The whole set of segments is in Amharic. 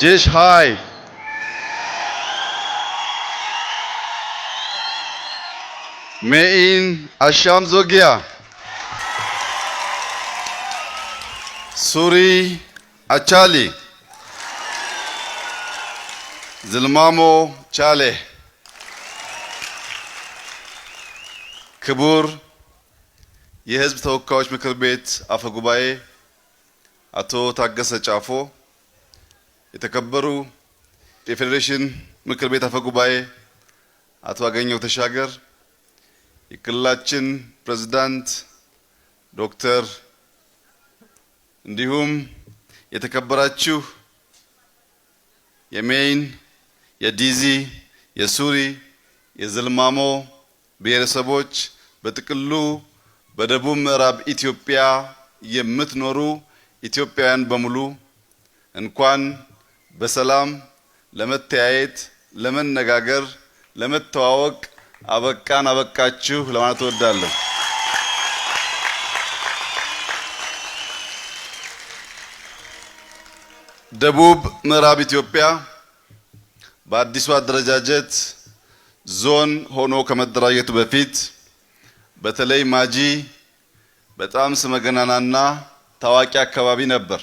Diz hi. Mein Asham Zogia. Suri Achali. Zilmamo Chale. ክቡር የሕዝብ ተወካዮች ምክር ቤት አፈ ጉባኤ አቶ ታገሰ ጫፎ የተከበሩ የፌዴሬሽን ምክር ቤት አፈ ጉባኤ አቶ አገኘው ተሻገር፣ የክልላችን ፕሬዝዳንት ዶክተር እንዲሁም የተከበራችሁ የሜይን የዲዚ የሱሪ የዘልማሞ ብሔረሰቦች በጥቅሉ በደቡብ ምዕራብ ኢትዮጵያ የምትኖሩ ኢትዮጵያውያን በሙሉ እንኳን በሰላም ለመተያየት፣ ለመነጋገር፣ ለመተዋወቅ አበቃን አበቃችሁ ለማለት እወዳለሁ። ደቡብ ምዕራብ ኢትዮጵያ በአዲሱ አደረጃጀት ዞን ሆኖ ከመደራጀቱ በፊት በተለይ ማጂ በጣም ስመገናናና ታዋቂ አካባቢ ነበር።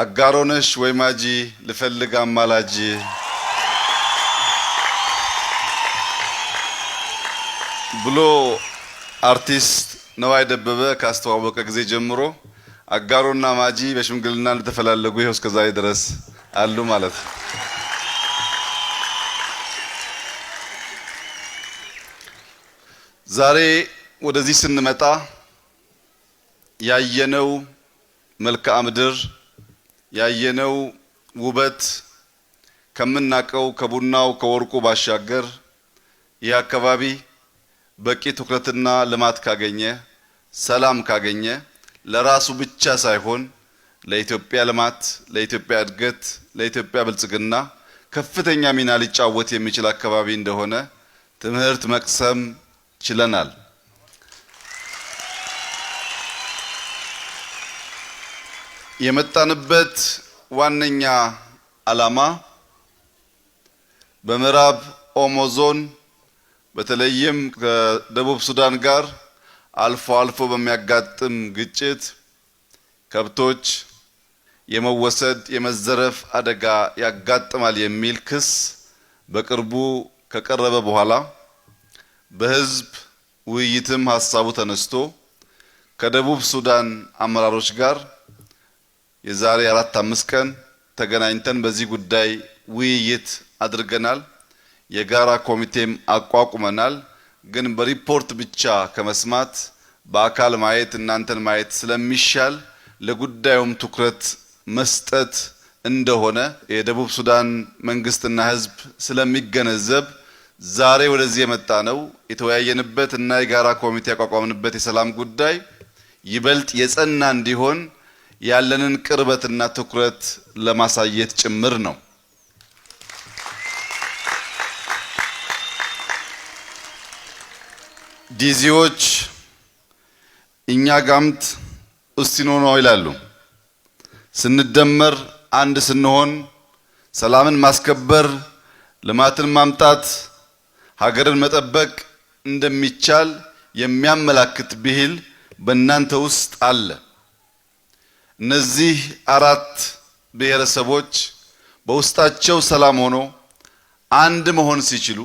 አጋሮነሽ ወይ ማጂ ልፈልግ አማላጂ ብሎ አርቲስት ነዋይ ደበበ ካስተዋወቀ ጊዜ ጀምሮ አጋሮና ማጂ በሽምግልና እንደተፈላለጉ ይኸው እስከዛሬ ድረስ አሉ ማለት ነው። ዛሬ ወደዚህ ስንመጣ ያየነው መልክዓ ምድር ያየነው ውበት ከምናቀው ከቡናው ከወርቁ ባሻገር ይህ አካባቢ በቂ ትኩረትና ልማት ካገኘ ሰላም ካገኘ ለራሱ ብቻ ሳይሆን ለኢትዮጵያ ልማት፣ ለኢትዮጵያ እድገት፣ ለኢትዮጵያ ብልጽግና ከፍተኛ ሚና ሊጫወት የሚችል አካባቢ እንደሆነ ትምህርት መቅሰም ችለናል። የመጣንበት ዋነኛ ዓላማ በምዕራብ ኦሞ ዞን በተለይም ከደቡብ ሱዳን ጋር አልፎ አልፎ በሚያጋጥም ግጭት ከብቶች የመወሰድ የመዘረፍ አደጋ ያጋጥማል የሚል ክስ በቅርቡ ከቀረበ በኋላ በሕዝብ ውይይትም ሀሳቡ ተነስቶ ከደቡብ ሱዳን አመራሮች ጋር የዛሬ አራት አምስት ቀን ተገናኝተን በዚህ ጉዳይ ውይይት አድርገናል። የጋራ ኮሚቴም አቋቁመናል። ግን በሪፖርት ብቻ ከመስማት በአካል ማየት እናንተን ማየት ስለሚሻል ለጉዳዩም ትኩረት መስጠት እንደሆነ የደቡብ ሱዳን መንግስትና ሕዝብ ስለሚገነዘብ ዛሬ ወደዚህ የመጣ ነው። የተወያየንበት እና የጋራ ኮሚቴ ያቋቋምንበት የሰላም ጉዳይ ይበልጥ የጸና እንዲሆን ያለንን ቅርበትና ትኩረት ለማሳየት ጭምር ነው። ዲዚዎች እኛ ጋምት እስቲኖ ነው ይላሉ። ስንደመር አንድ ስንሆን ሰላምን ማስከበር፣ ልማትን ማምጣት፣ ሀገርን መጠበቅ እንደሚቻል የሚያመላክት ብሂል በእናንተ ውስጥ አለ። እነዚህ አራት ብሔረሰቦች በውስጣቸው ሰላም ሆኖ አንድ መሆን ሲችሉ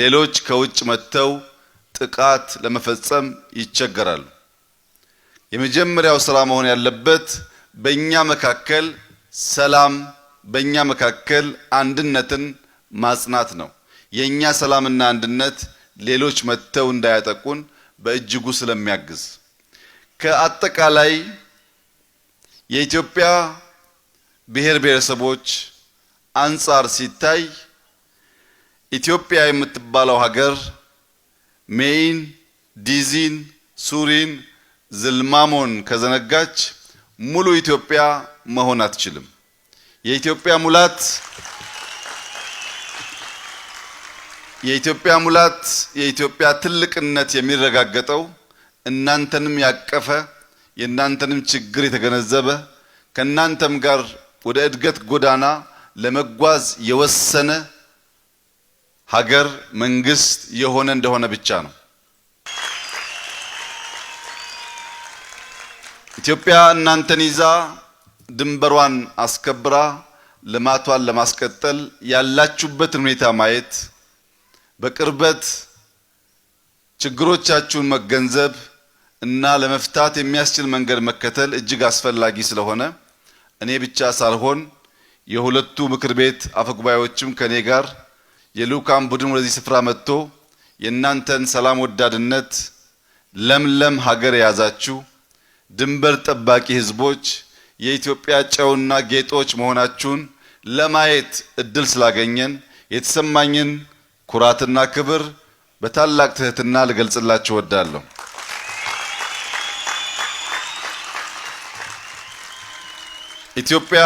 ሌሎች ከውጭ መጥተው ጥቃት ለመፈጸም ይቸገራሉ። የመጀመሪያው ስራ መሆን ያለበት በእኛ መካከል ሰላም፣ በእኛ መካከል አንድነትን ማጽናት ነው። የእኛ ሰላምና አንድነት ሌሎች መጥተው እንዳያጠቁን በእጅጉ ስለሚያግዝ ከአጠቃላይ የኢትዮጵያ ብሔር ብሔረሰቦች አንጻር ሲታይ ኢትዮጵያ የምትባለው ሀገር ሜይን፣ ዲዚን፣ ሱሪን፣ ዝልማሞን ከዘነጋች ሙሉ ኢትዮጵያ መሆን አትችልም። የኢትዮጵያ ሙላት የኢትዮጵያ ሙላት የኢትዮጵያ ትልቅነት የሚረጋገጠው እናንተንም ያቀፈ የእናንተንም ችግር የተገነዘበ ከእናንተም ጋር ወደ እድገት ጎዳና ለመጓዝ የወሰነ ሀገር መንግስት የሆነ እንደሆነ ብቻ ነው። ኢትዮጵያ እናንተን ይዛ ድንበሯን አስከብራ ልማቷን ለማስቀጠል ያላችሁበትን ሁኔታ ማየት በቅርበት ችግሮቻችሁን መገንዘብ እና ለመፍታት የሚያስችል መንገድ መከተል እጅግ አስፈላጊ ስለሆነ እኔ ብቻ ሳልሆን የሁለቱ ምክር ቤት አፈጉባኤዎችም ከኔ ጋር የልዑካን ቡድን ወደዚህ ስፍራ መጥቶ የእናንተን ሰላም ወዳድነት ለምለም ሀገር የያዛችሁ ድንበር ጠባቂ ህዝቦች የኢትዮጵያ ጨውና ጌጦች መሆናችሁን ለማየት እድል ስላገኘን የተሰማኝን ኩራትና ክብር በታላቅ ትህትና ልገልጽላችሁ እወዳለሁ። ኢትዮጵያ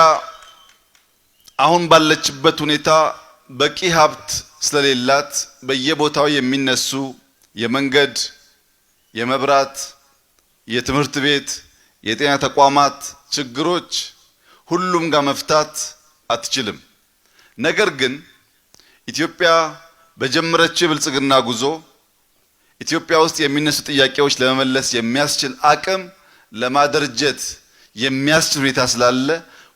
አሁን ባለችበት ሁኔታ በቂ ሀብት ስለሌላት በየቦታው የሚነሱ የመንገድ፣ የመብራት፣ የትምህርት ቤት፣ የጤና ተቋማት ችግሮች ሁሉም ጋር መፍታት አትችልም። ነገር ግን ኢትዮጵያ በጀመረችው የብልጽግና ጉዞ ኢትዮጵያ ውስጥ የሚነሱ ጥያቄዎች ለመመለስ የሚያስችል አቅም ለማደርጀት የሚያስችል ሁኔታ ስላለ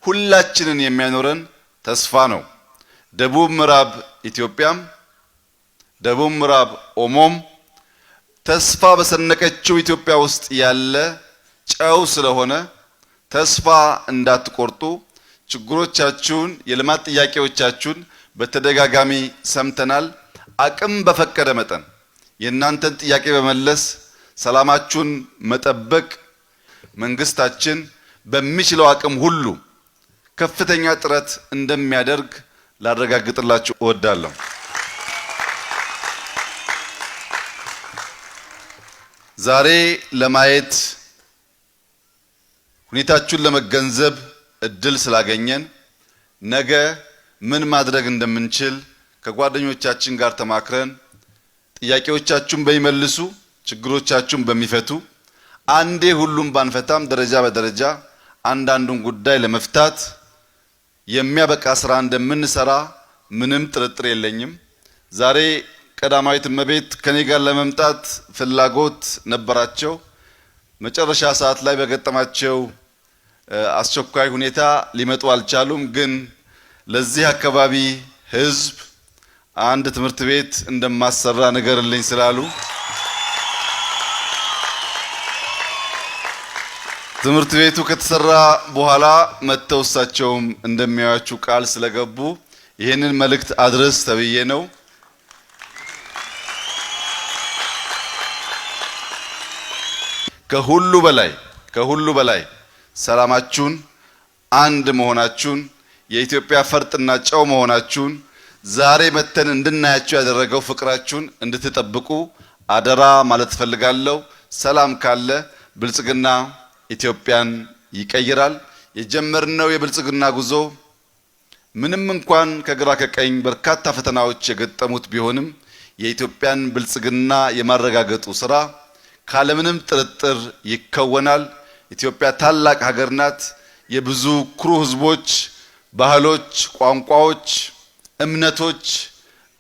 ሁላችንን የሚያኖረን ተስፋ ነው። ደቡብ ምዕራብ ኢትዮጵያም ደቡብ ምዕራብ ኦሞም ተስፋ በሰነቀችው ኢትዮጵያ ውስጥ ያለ ጨው ስለሆነ ተስፋ እንዳትቆርጡ። ችግሮቻችሁን፣ የልማት ጥያቄዎቻችሁን በተደጋጋሚ ሰምተናል። አቅም በፈቀደ መጠን የእናንተን ጥያቄ በመለስ ሰላማችሁን መጠበቅ መንግስታችን በሚችለው አቅም ሁሉ ከፍተኛ ጥረት እንደሚያደርግ ላረጋግጥላችሁ እወዳለሁ። ዛሬ ለማየት ሁኔታችሁን ለመገንዘብ እድል ስላገኘን ነገ ምን ማድረግ እንደምንችል ከጓደኞቻችን ጋር ተማክረን ጥያቄዎቻችሁን በሚመልሱ ችግሮቻችሁን በሚፈቱ አንዴ ሁሉም ባንፈታም ደረጃ በደረጃ አንዳንዱን ጉዳይ ለመፍታት የሚያበቃ ስራ እንደምንሰራ ምንም ጥርጥር የለኝም። ዛሬ ቀዳማዊት እመቤት ከኔ ጋር ለመምጣት ፍላጎት ነበራቸው። መጨረሻ ሰዓት ላይ በገጠማቸው አስቸኳይ ሁኔታ ሊመጡ አልቻሉም። ግን ለዚህ አካባቢ ህዝብ አንድ ትምህርት ቤት እንደማሰራ ንገርልኝ ስላሉ ትምህርት ቤቱ ከተሰራ በኋላ መጥተው እሳቸውም እንደሚያዩአችሁ ቃል ስለገቡ ይህንን መልእክት አድረስ ተብዬ ነው። ከሁሉ በላይ ከሁሉ በላይ ሰላማችሁን፣ አንድ መሆናችሁን፣ የኢትዮጵያ ፈርጥና ጨው መሆናችሁን ዛሬ መተን እንድናያቸው ያደረገው ፍቅራችሁን እንድትጠብቁ አደራ ማለት እፈልጋለሁ። ሰላም ካለ ብልጽግና ኢትዮጵያን ይቀይራል። የጀመርነው የብልጽግና ጉዞ ምንም እንኳን ከግራ ከቀኝ በርካታ ፈተናዎች የገጠሙት ቢሆንም የኢትዮጵያን ብልጽግና የማረጋገጡ ስራ ካለምንም ጥርጥር ይከወናል። ኢትዮጵያ ታላቅ ሀገር ናት። የብዙ ኩሩ ህዝቦች፣ ባህሎች፣ ቋንቋዎች፣ እምነቶች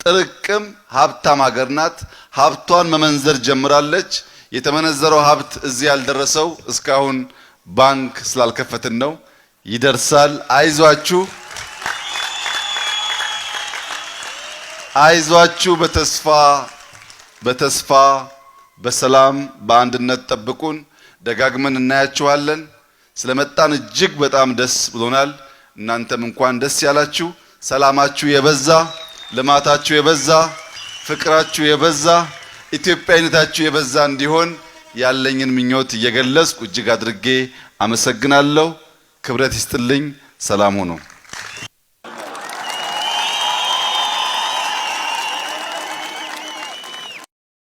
ጥርቅም ሀብታም ሀገር ናት። ሀብቷን መመንዘር ጀምራለች። የተመነዘረው ሀብት እዚህ ያልደረሰው እስካሁን ባንክ ስላልከፈትን ነው። ይደርሳል። አይዟችሁ፣ አይዟችሁ። በተስፋ በተስፋ በሰላም በአንድነት ጠብቁን። ደጋግመን እናያችኋለን። ስለመጣን እጅግ በጣም ደስ ብሎናል። እናንተም እንኳን ደስ ያላችሁ። ሰላማችሁ የበዛ ልማታችሁ የበዛ ፍቅራችሁ የበዛ ኢትዮጵያዊነታችሁ የበዛ እንዲሆን ያለኝን ምኞት እየገለጽኩ እጅግ አድርጌ አመሰግናለሁ። ክብረት ይስጥልኝ። ሰላም ሁኑ።